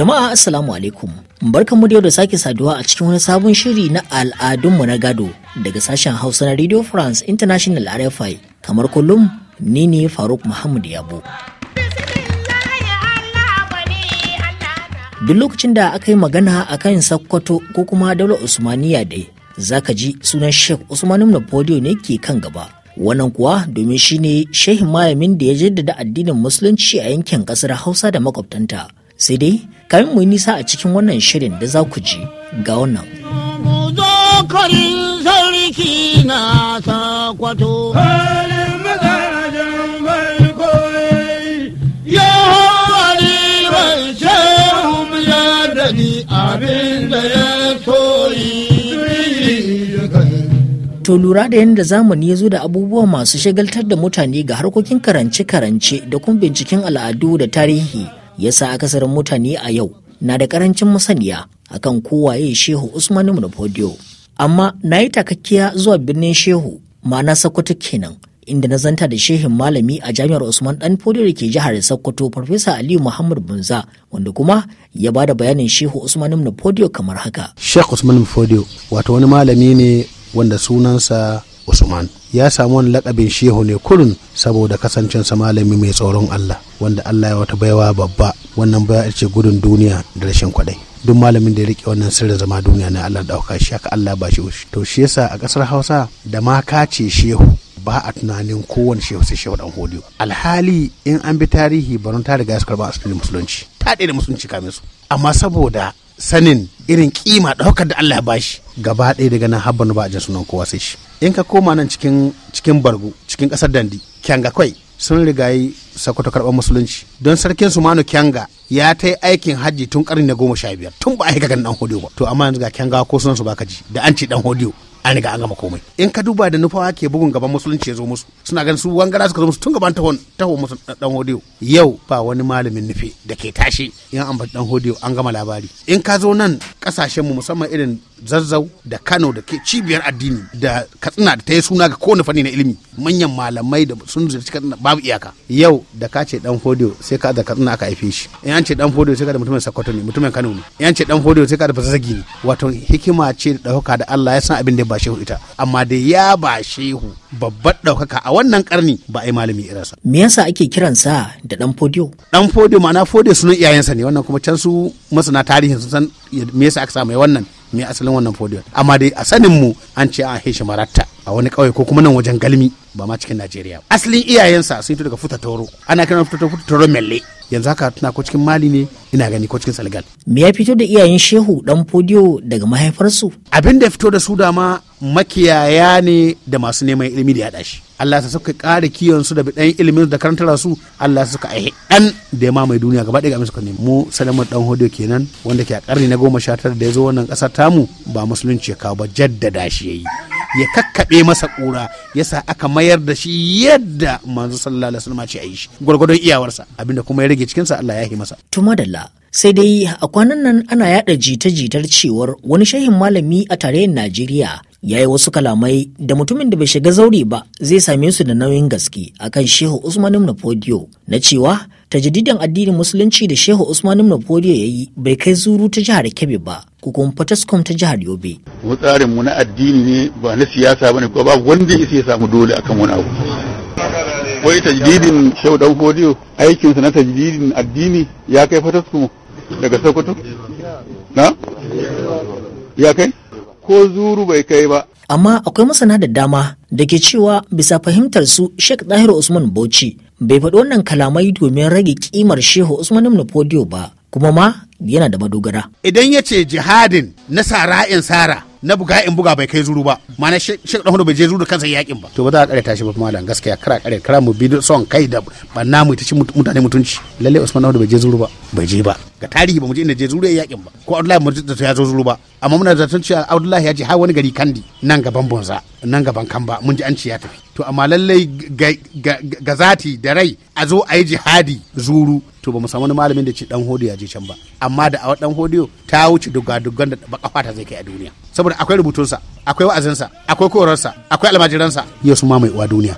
Jama'a Assalamu alaikum. Barkanmu da yau da sake saduwa a cikin wani sabon shiri na al'adunmu na gado daga sashen Hausa na Radio France International RFI. Kamar kullum, ni ne Faruk Muhammad Yabo. Duk lokacin da aka yi magana a kan Sokoto ko kuma Daular Usmaniya dai, zaka ji sunan Sheikh Usman ibn ne ke kan gaba. wannan kuwa domin shi ne malamin da ya jaddada addinin musulunci a yankin kasar hausa da makwabtanta sai dai kamin mu nisa a cikin wannan shirin da za ku ji ga wannan. sarki na sakwato. To lura da yadda zamani ya zo da abubuwa masu shagaltar da mutane ga harkokin karance-karance da kuma binciken al'adu da tarihi yasa akasarin mutane a yau na da karancin masaniya akan kowaye shehu usman ibn fodiyo amma na yi takakkiya zuwa birnin shehu ma'ana sokoto kenan inda na zanta da shehin malami a jami'ar usman dan fodiyo da ke jihar sokoto farfesa aliyu muhammad bunza wanda kuma ya bada bayanin shehu usman ibn fodiyo kamar haka shehu usman ibn fodiyo wato wani malami ne wanda sunansa usman ya samu wani lakabin shehu ne kurun saboda sa malami mai tsoron allah wanda allah ya wata baiwa babba wannan baya ce gudun duniya da rashin kwadai duk malamin da ya rike wannan sirrin zama duniya ne allah dauka shi aka allah ba shi to shi yasa a kasar hausa da ma kace shehu ba a tunanin kowane shehu sai shehu dan holiyo alhali in an bi tarihi baron ta riga su karba asibitin musulunci ta da musulunci kamin su amma saboda sanin irin kima ɗaukar da Allah ya bashi gaba ɗaya daga nan habban ba a sunan kowa sai shi in ka koma nan cikin cikin bargu cikin ƙasar dandi kyanga kwai sun rigayi sakwato karɓar musulunci don sarkin su manu kyanga ya ta yi aikin hajji tun ƙarni na goma sha biyar tun ba a yi ganin dan hodiyo ba to amma yanzu ga kyanga ko sunan su baka ji da an ce dan hodiyo an riga an gama komai in ka duba da nufawa ke bugun gaban musulunci ya zo musu suna ganin su wangara suka zo musu tun gaban tahon tahon musu dan hodiyo yau ba wani malamin nufi da ke tashi in an dan hodiyo an gama labari in ka zo nan kasashen mu musamman irin zazzau da kano da ke cibiyar addini da katsina da ta yi suna ga kowane fanni na ilimi manyan malamai da sun zurci katsina babu iyaka yau da ka ce dan hodiyo sai ka da katsina aka haife shi in an ce dan hodiyo sai ka da mutumin sakkwato ne mutumin kano ne in an ce dan hodiyo sai ka da fasasagi ne wato hikima ce da ɗaukaka da allah ya san abin da ba shehu ita amma da ya ba shehu babbar ɗaukaka a wannan karni ba a yi malami irinsa. me yasa ake kiransa da dan fodiyo dan fodiyo ma'ana fodiyo sunan iyayensa ne wannan kuma can su masana tarihin sun san me yasa aka samu wannan me asalin wannan fodiyo amma dai a sanin mu an ce an heshi maratta a wani kauye ko kuma nan wajen galmi ba ma cikin najeriya asalin iyayensa sun fito daga futa toro ana kiran futa toro melle yanzu haka tana ko cikin mali ne ina gani ko cikin senegal me ya fito da iyayen shehu dan fodiyo daga mahaifarsu abin da ya fito da su dama makiyaya ne da masu neman ilimi da ya shi Allah sa suka kare kiyon su da bi bidan ilimin da karantar su Allah suka aihe dan da ya mamaye duniya gaba ɗaya ga suka ne mu salamu dan hodo kenan wanda ke a karni na goma sha da ya zo wannan kasa tamu ba musulunci ya kawo ba jaddada shi yayi ya kakkaɓe masa kura yasa aka mayar da shi yadda manzo sallallahu alaihi wasallam ce a yi shi gwargwadon iyawarsa abinda kuma ya rage cikin sa Allah ya yi masa to madalla sai dai a kwanan nan ana yada jita-jitar cewar wani shehin malami a tarayyar Najeriya ya yi wasu kalamai da mutumin da bai shiga zaure ba zai same su da nauyin gaske akan shehu usman ibn fodiyo na cewa tajadidin addinin musulunci da shehu usman ibn fodiyo ya yi bai kai zuru ta jihar kebbi ba ko kuma fataskom ta jihar yobe mu tsarin mu na addini ne ba na siyasa bane ko ba wanda ya samu dole akan wani abu wai tajdidin shehu dan fodiyo aikinsa na tajdidin addini ya kai fataskom daga sokoto na ya kai ko zuru bai kai ba. Amma akwai masana da dama da ke cewa bisa fahimtar su Sheikh Dahiru Usman Bauchi bai faɗi wannan kalamai domin rage kimar Shehu Usman Ibn Fodiyo ba kuma ma yana da madogara. Idan ya ce jihadin na sara'in sara na buga in buga bai kai zuru ba ma'ana shek dan bai je zuru kansa yakin ba to ba za a kare tashi ba malam gaskiya kara kare kara mu bi son kai da banna mu ta ci mutane mutunci lalle Usman dan bai je zuru ba bai je ba ga tarihi ba mu je inda je zuru ya yakin ba ko Abdullahi mu da ya zo zuru ba amma muna da cewa Abdullahi ya je har wani gari Kandi nan gaban Bonza nan gaban Kamba mun ji an ci ya tafi to amma lallai ga zati da rai a zo a yi jihadi zuru to ba mu samu malamin da ce dan hodiyo ya je can ba amma da awa dan hodiyo ta wuce duga dugan da baka fata zai kai a duniya saboda akwai rubutunsa akwai wa'azinsa akwai korarsa akwai almajiransa yau su ma mai uwa duniya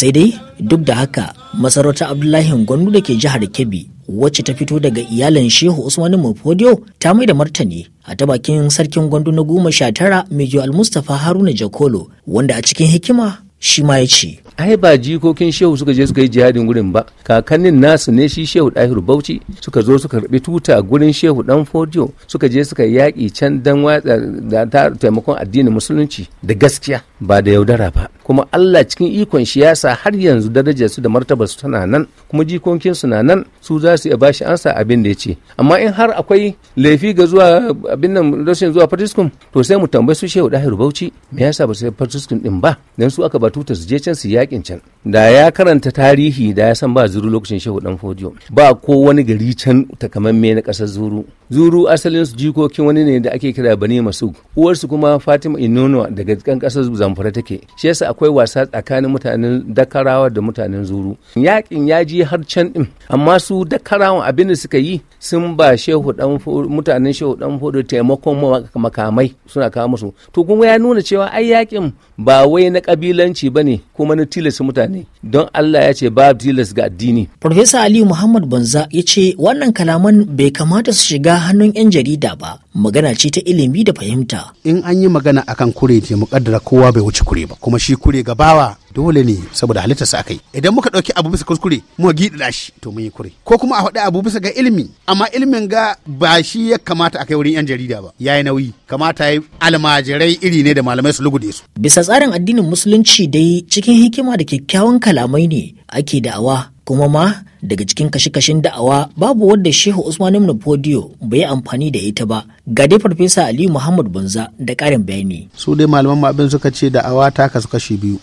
sai dai duk da haka masarautar abdullahi gwandu da ke jihar kebbi wacce ta fito daga iyalin shehu usmani mafodiyo ta mai da martani a ta bakin sarkin gwandu na goma sha tara mejo almustapha haruna jakolo wanda a cikin hikima shi ma ya ce ai ba jikokin shehu suka je suka yi jihadin gurin ba kakannin nasu ne shi shehu dahiru bauchi suka zo suka rabi tuta gurin shehu dan Fodio suka je suka yaƙi can dan watsa da taimakon addinin musulunci da gaskiya ba da yaudara ba kuma Allah cikin ikon shi ya sa har yanzu darajar su da martabar su tana nan kuma jikokin su na nan su za su iya bashi ansa abin da ya ce amma in har akwai laifi ga zuwa abin nan rashin zuwa fatiskum to sai mu tambayi su shehu dahiru bauchi me yasa ba su fatiskum din ba dan su aka ba tuta su je can su yaƙi Jackie da ya karanta tarihi da ya san ba zuru lokacin shehu dan fodiyo ba ko wani gari can takamamme na kasar zuru zuru asalin su jikokin wani ne da ake kira bani masu uwarsu kuma fatima inono daga kan kasar zamfara take shi yasa akwai wasa tsakanin mutanen dakarawa da mutanen zuru yakin ya ji har can din amma su dakarawa abin da suka yi sun ba shehu dan mutanen shehu dan fodiyo taimakon makamai suna kawo musu to kuma ya nuna cewa ai yakin ba wai na kabilanci bane kuma na tilasta mutane ne don Allah ya ce babu tilas ga addini. Farfesa Aliyu Muhammad Banza ya ce wannan kalaman bai kamata su shiga hannun 'yan jarida ba magana ce ta ilimi da fahimta. In an yi magana akan kure ne muƙaddara kowa bai wuce kure ba kuma shi kure gabawa dole ne saboda halittarsa aka yi idan muka ɗauki abu bisa kuskure muka giɗa shi to mun yi kure ko kuma a faɗi abu bisa ga ilimi amma ilimin ga ba shi ya kamata a kai wurin yan jarida ba yayi nauyi kamata yi almajirai iri ne da malamai su lugude su bisa tsarin addinin musulunci dai cikin hikima da kyakkyawan kalamai ne ake da'awa kuma ma daga cikin kashe-kashen da'awa babu wadda shehu usman ibn podio bai amfani da ita ba ga dai farfesa aliyu muhammad banza da karin bayani su dai malaman abin suka ce da'awa ta kasu kashi biyu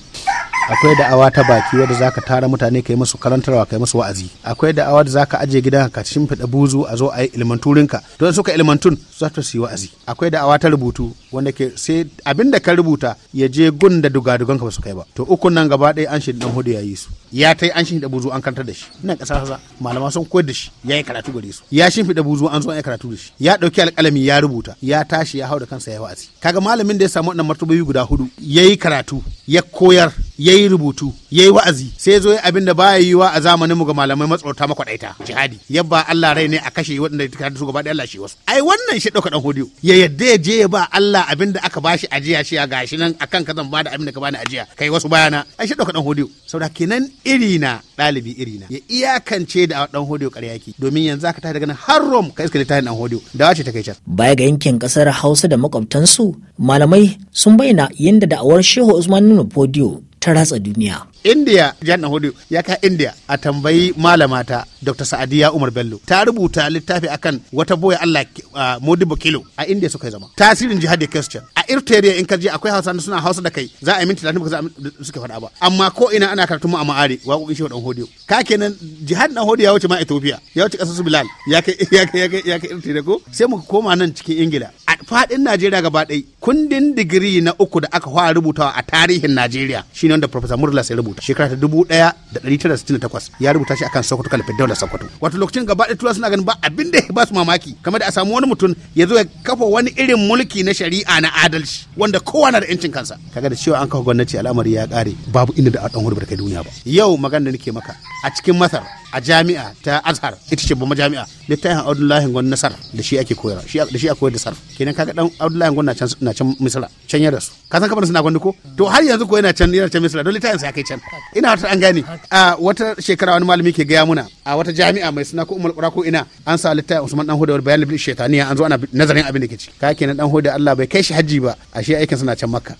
akwai da'awa ta baki wadda zaka tara mutane kai musu karantarwa kai musu wa'azi akwai da'awa da zaka aje gidan ka shimfiɗa buzu a zo a yi ilmanturin ka don suka ilmantun za ta su yi wa'azi akwai da'awa ta rubutu wanda ke sai abin da ka rubuta ya je gun da dugadugan ka ba su kai ba to ukun nan gaba ɗaya an shirya dan hudu ya yi su ya tai an shimfiɗa buzu an karantar da shi ina ƙasa sa malama sun koyar da shi ya yi karatu gare su ya shimfiɗa buzu an zo an yi karatu da shi ya ɗauki alƙalami ya rubuta ya tashi ya hau da kansa ya wa'azi kaga malamin da ya samu wannan martabobi guda hudu ya yi karatu ya koyar ya yi rubutu ya yi wa'azi sai zo abin da baya wa a zamaninmu ga malamai matsorta makwadaita jihadi yabba Allah rai ne a kashe waɗanda ta kada su gaba da Allah shi wasu ai wannan shi ɗauka ɗan ya yadda ya je ya ba Allah abin da aka bashi ajiya shi a gashi nan akan ka zan bada abin da ka bani ajiya kai wasu bayana ai shi ɗauka ɗan hodiyo saboda kenan iri na ɗalibi iri na ya iyakance da ɗan hodiyo ƙarya domin yanzu aka tashi daga nan har Rom ka iska littafin ɗan hodiyo da wace ta kai can baya ga yankin ƙasar Hausa da makwabtansu malamai sun bayyana yadda da'awar Shehu Usman Nuno Podio ta ratsa duniya. India Jan Nahudu ya kai India a tambayi malama ta Dr. Sa'adiya Umar Bello ta rubuta littafi akan wata boye Allah uh, Modibo Kilo a India suka zama. Tasirin da Christian a Irteria in ka je akwai Hausa suna Hausa da kai za a yi minti talatin ba za suke faɗa ba amma ko ina ana karatu mu a ma'ari wa shehu dan hodiyo ka kenan jihad dan hodiyo ya wuce ma Ethiopia ya wuce ƙasar su Bilal ya kai ya kai ya kai Irteria ko sai mu koma nan cikin Ingila a faɗin Najeriya gaba ɗaya kundin digiri na uku da aka fara rubutawa a tarihin Najeriya ne wanda Professor Murla sai rubuta shekara ta 1968 ya rubuta shi akan Sokoto Fidda da Sokoto wato lokacin gaba da tura suna ganin ba abin da ba su mamaki kamar da a samu wani mutum ya zo ya kafa wani irin mulki na shari'a na adalci wanda kowa na da yancin kansa kaga da cewa an kafa gwamnati al'amari ya kare babu inda da dan hurbar kai duniya ba yau magana nake maka a cikin Masar a jami'a ta Azhar ita ce babban jami'a littafin Abdullahi Gwan Nasar da shi ake koyarwa da shi a koyar da sarf kenan kaga dan Abdullahi na can misira can ya rasu ka san kamar suna gwandu ko to har yanzu ko yana can yana can misira dole tayin sa kai can ina wata an gane a wata shekara wani malami ke gaya muna a wata jami'a mai suna ko umar qura ko ina an sa littafin usman dan huda bayan libil shaytaniya an zo ana nazarin abin da ke ci ka kenan dan huda Allah bai kai shi haji ba shi aikin suna can makka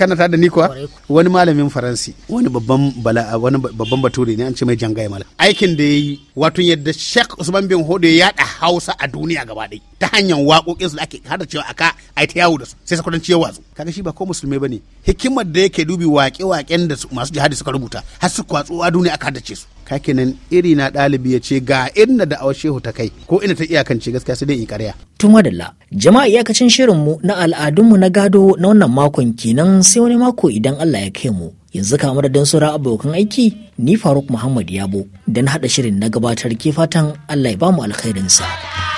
kana ta ni kuwa wani malamin faransi wani babban bala wani babban bature ne an ce mai jangaye mala aikin da yayi wato yadda Sheikh Usman bin Hodo ya da Hausa a duniya gaba ɗaya ta hanyar waƙoƙin su da ake hada cewa aka ai ta yawo da su sai sakwatan ciye watsu kaga shi ba ko musulmai bane hikimar da yake dubi waƙe-waƙen da masu jihadi suka rubuta har su kwatso a duniya aka haddace su nan iri na ɗalibi ya ce ga inda da shehu ta kai ko ina ta iyakance gaskiya sai dai in karya. Tun wadalla jama'a iyakacin shirinmu na al'adunmu na gado na wannan makon kenan sai wani mako idan Allah ya kai mu. Yanzu kama da don sauran abokan aiki ni Faruk Muhammad Yabo don haɗa shirin na gabatar ke fatan Allah ya bamu alkhairinsa.